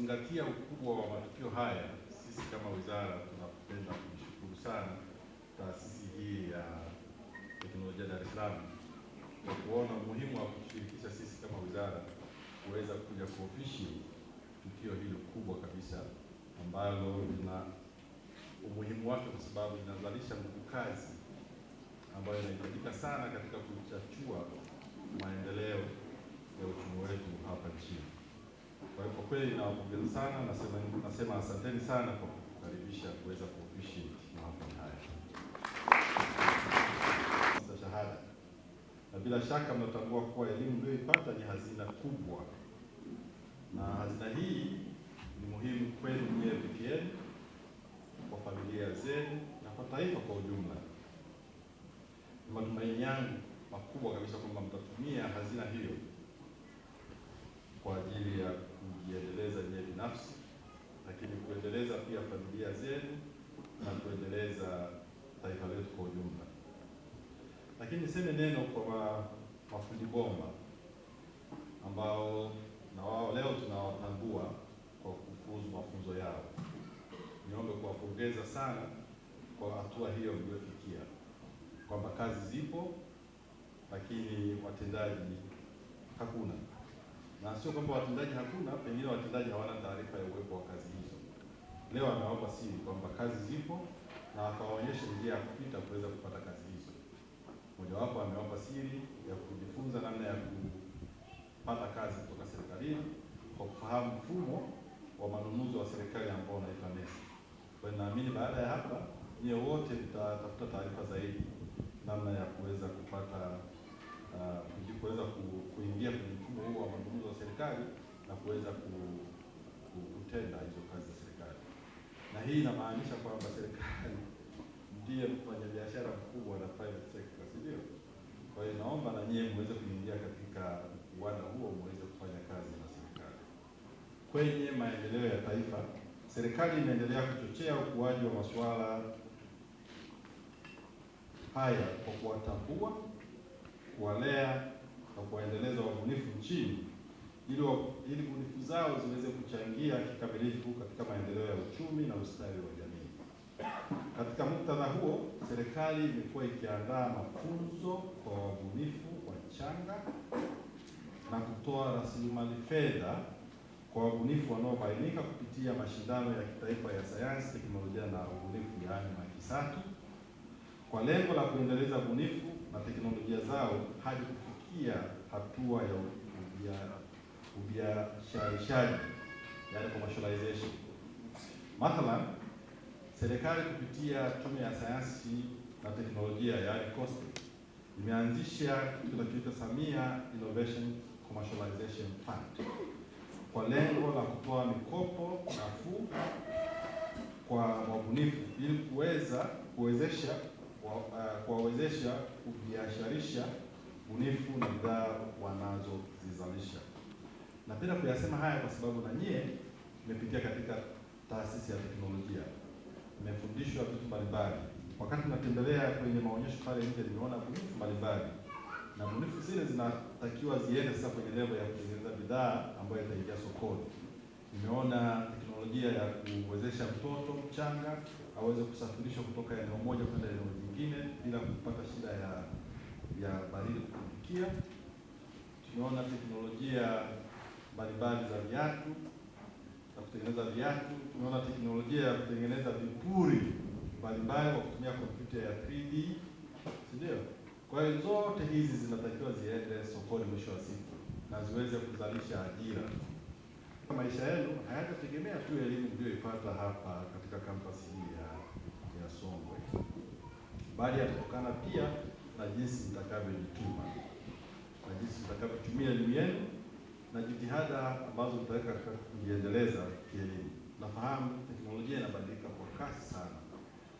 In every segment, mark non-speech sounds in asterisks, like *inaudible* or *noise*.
kuzingatia ukubwa wa matukio haya, sisi kama wizara tunapenda kuishukuru sana taasisi hii ya teknolojia Dar es Salaam kwa kuona umuhimu wa kushirikisha sisi kama wizara kuweza kuja kuofishi tukio hili kubwa kabisa ambalo lina umuhimu wake kwa sababu linazalisha nguvu kazi ambayo inahitajika sana katika kuchachua maendeleo ya uchumi wetu hapa nchini. Kwa hiyo kwa kweli nawapongeza sana, nasema nasema asanteni sana kwa kukaribisha kuweza kuofishi mahafali haya shahada, na bila shaka mnatambua kuwa elimu mliyoipata ni hazina kubwa, na hazina hii ni muhimu kwenu nyewe pekee kwa familia Lakini niseme neno kwa mafundi bomba ambao na wao leo tunawatambua kwa kufuzu mafunzo yao. Niombe kuwapongeza sana kwa hatua hiyo mliofikia, kwamba kazi zipo lakini watendaji hakuna, na sio kwamba watendaji hakuna, pengine watendaji hawana taarifa ya uwepo wa kazi hizo. Leo anaomba siri kwamba kazi zipo na akawaonyesha njia ya kupita kuweza kupata kazi tafsiri ya kujifunza namna ya kupata kazi kutoka serikalini kwa kufahamu mfumo wa manunuzi wa serikali ambao unaitwa NeST. Kwa naamini baada ya hapa nyie wote mtatafuta taarifa zaidi namna ya kuweza kupata uh, kuweza kuingia kwenye mfumo huo wa manunuzi wa serikali na kuweza kutenda hizo kazi za serikali, na hii inamaanisha kwamba serikali *laughs* ndiye mfanyabiashara mkubwa na private sector, si ndio? Kwa hiyo naomba na nyewe muweze kuingia katika uwanda huo, muweze kufanya kazi na serikali kwenye maendeleo ya taifa. Serikali inaendelea kuchochea ukuaji wa masuala haya kwa kuwatambua, kuwalea na kuwaendeleza wabunifu nchini ili bunifu zao ziweze kuchangia kikamilifu katika maendeleo ya uchumi na ustawi wa jamii. Katika muktadha huo, serikali imekuwa ikiandaa mafunzo kwa wabunifu wachanga na kutoa rasilimali fedha kwa wabunifu wanaobainika kupitia mashindano ya kitaifa ya sayansi, teknolojia na ubunifu, yaani MAKISATU, kwa lengo la kuendeleza ubunifu na teknolojia zao hadi kufikia hatua ya ubiasharishaji, yaani commercialization. Mathalan, serikali kupitia Tume ya Sayansi na Teknolojia ya COSTE imeanzisha kitu kinachoitwa Samia Innovation Commercialization Fund kwa lengo la kutoa mikopo nafuu kwa wabunifu ili kuweza kuwezesha eh, kuwawezesha kubiasharisha bunifu na bidhaa wanazozizalisha. Napenda kuyasema haya kwa sababu na nyie mmepitia katika taasisi ya teknolojia nimefundishwa vitu mbalimbali. Wakati natembelea kwenye maonyesho pale nje, nimeona bunifu mbalimbali, na bunifu zile zinatakiwa ziende sasa kwenye level ya kutengeneza bidhaa ambayo itaingia sokoni. Nimeona teknolojia ya kuwezesha mtoto mchanga aweze kusafirishwa kutoka eneo moja kwenda eneo jingine bila kupata shida ya ya baridi kufikia. Tumeona teknolojia mbalimbali za viatu ya kutengeneza viatu. Tumeona teknolojia ya kutengeneza vipuri mbalimbali kwa kutumia kompyuta ya 3D, si ndio? Kwa hiyo zote hizi zinatakiwa ziende sokoni mwisho wa siku na ziweze kuzalisha ajira. Maisha yenu hayatategemea tu elimu mliyoipata hapa katika kampasi hii ya, ya Songwe, bali yatatokana pia na jinsi mtakavyojituma na jinsi mtakavyotumia elimu yenu na jitihada ambazo tutaweka kujiendeleza kielimu. Nafahamu teknolojia inabadilika kwa kasi sana,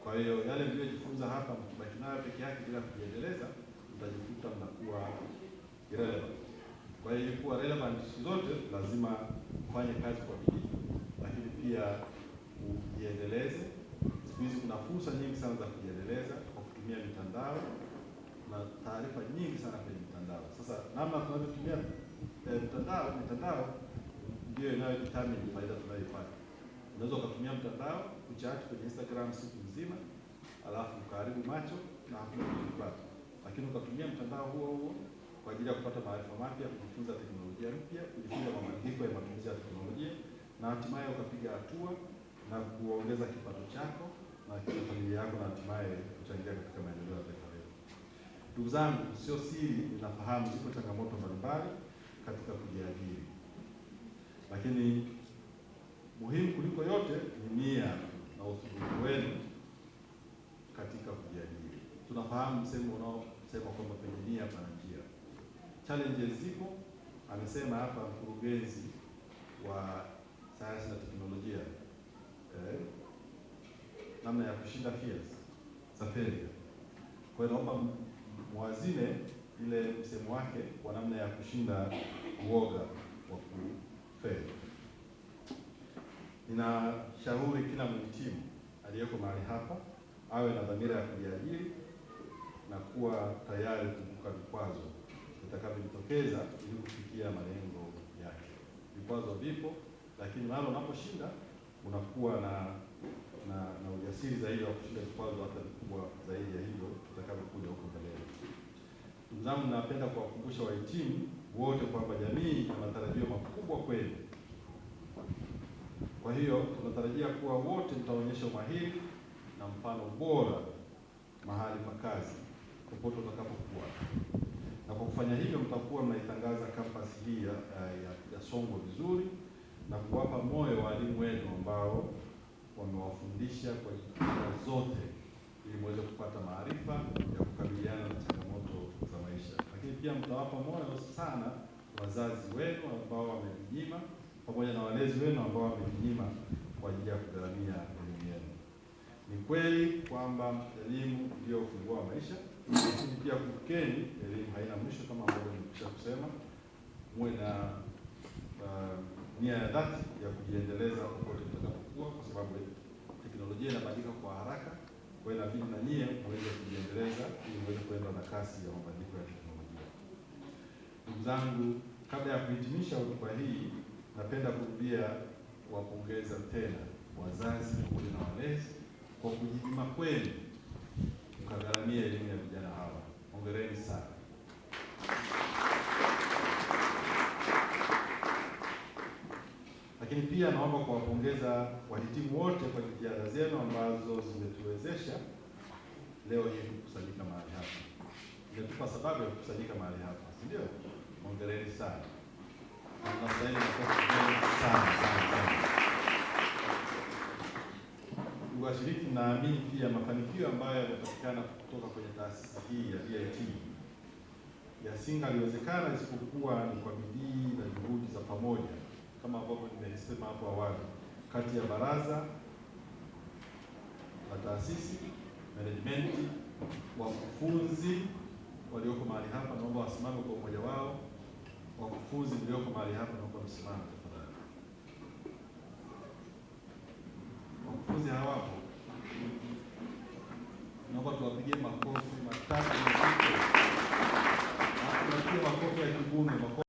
kwa hiyo yale mliyojifunza hapa mkibaki nayo peke yake bila kujiendeleza, mtajikuta mnakuwa irrelevant. Kwa hiyo kuwa relevant zote lazima kufanye kazi kwa bidii, lakini pia ujiendeleze. Siku hizi kuna fursa nyingi sana za kujiendeleza kwa kutumia mitandao na taarifa nyingi sana kwenye mitandao. Sasa namna tunavyotumia Eh, mtandao mitandao ndio inayodetermine faida tunayoipata. Unaweza ukatumia mtandao kuchat kwenye Instagram siku nzima, alafu ukaharibu macho na hakuna lakini ukatumia mtandao huo huo kwa ajili ya kupata maarifa mapya, kujifunza teknolojia mpya, kujifunza mabadiliko ya matumizi ya teknolojia, na hatimaye ukapiga hatua na kuongeza kipato chako na familia yako, na hatimaye kuchangia katika maendeleo ya taifa letu. Ndugu zangu, sio siri, ninafahamu ziko changamoto mbalimbali msemo unaosema kwamba penye nia pana njia. Challenges zipo, amesema hapa mkurugenzi wa sayansi na teknolojia eh, namna ya kushinda fears za failure. Kwa hiyo naomba mwazine ile msemo wake kwa namna ya kushinda uoga wa ina Ninashauri kila mhitimu aliyeko mahali hapa awe na dhamira ya kujiajiri na kuwa tayari kuvuka vikwazo vitakavyojitokeza ili kufikia malengo yake. Vikwazo vipo, lakini nalo unaposhinda unakuwa na na, na ujasiri zaidi wa kushinda vikwazo hata vikubwa zaidi ya hivyo vitakavyokuja huko mbele. Ndugu zangu, napenda kuwakumbusha wahitimu wote kwamba jamii ina matarajio makubwa kwenu. Kwa hiyo tunatarajia kuwa wote mtaonyesha umahiri na mfano bora mahali pa kazi popote utakapokuwa, na kwa kufanya hivyo mtakuwa mnaitangaza kampasi hii ya, ya, ya Songwe vizuri na kuwapa moyo walimu wenu ambao wamewafundisha kwa jitihada zote ili muweze kupata maarifa ya kukabiliana na changamoto za maisha, lakini pia mtawapa moyo sana wazazi wenu ambao wamejinyima pamoja na walezi wenu ambao wamejinyima kwa ajili ya kugharamia ni kweli kwamba elimu ndio ufunguo wa maisha, lakini pia kumbukeni, elimu haina mwisho kama ambavyo nimekwisha kusema. Muwe na uh, nia ya dhati ya kujiendeleza popote mtakapokuwa, kwa sababu teknolojia inabadilika kwa haraka. Kwa hiyo inabidi na nyie muweze kujiendeleza ili muweze kuenda na kasi ya mabadiliko ya teknolojia. Ndugu zangu, kabla ya kuhitimisha hotuba hii, napenda kurudia wapongeza tena wazazi pamoja na walezi kwa kujituma kwenu mkagharamia elimu ya vijana hawa. Hongereni sana. Lakini pia naomba kuwapongeza wahitimu wote kwa jitihada zenu ambazo zimetuwezesha leo hii kukusanyika mahali hapa, imetupa sababu ya kukusanyika mahali hapa, si ndio? Hongereni sana, mnastahili makofi sana sana sana washiriki naamini pia mafanikio ambayo yamepatikana kutoka kwenye taasisi hii ya BIT yasingaliwezekana isipokuwa ni kwa bidii na juhudi za pamoja, kama ambavyo nimesema hapo awali, kati ya baraza la taasisi, management, wakufunzi walioko mahali hapa, naomba wasimame kwa umoja wao. Wakufunzi mlioko mahali hapa, naomba msimame tafadhali. Wakufunzi hawapo naomba tuwapigie makofi matatu.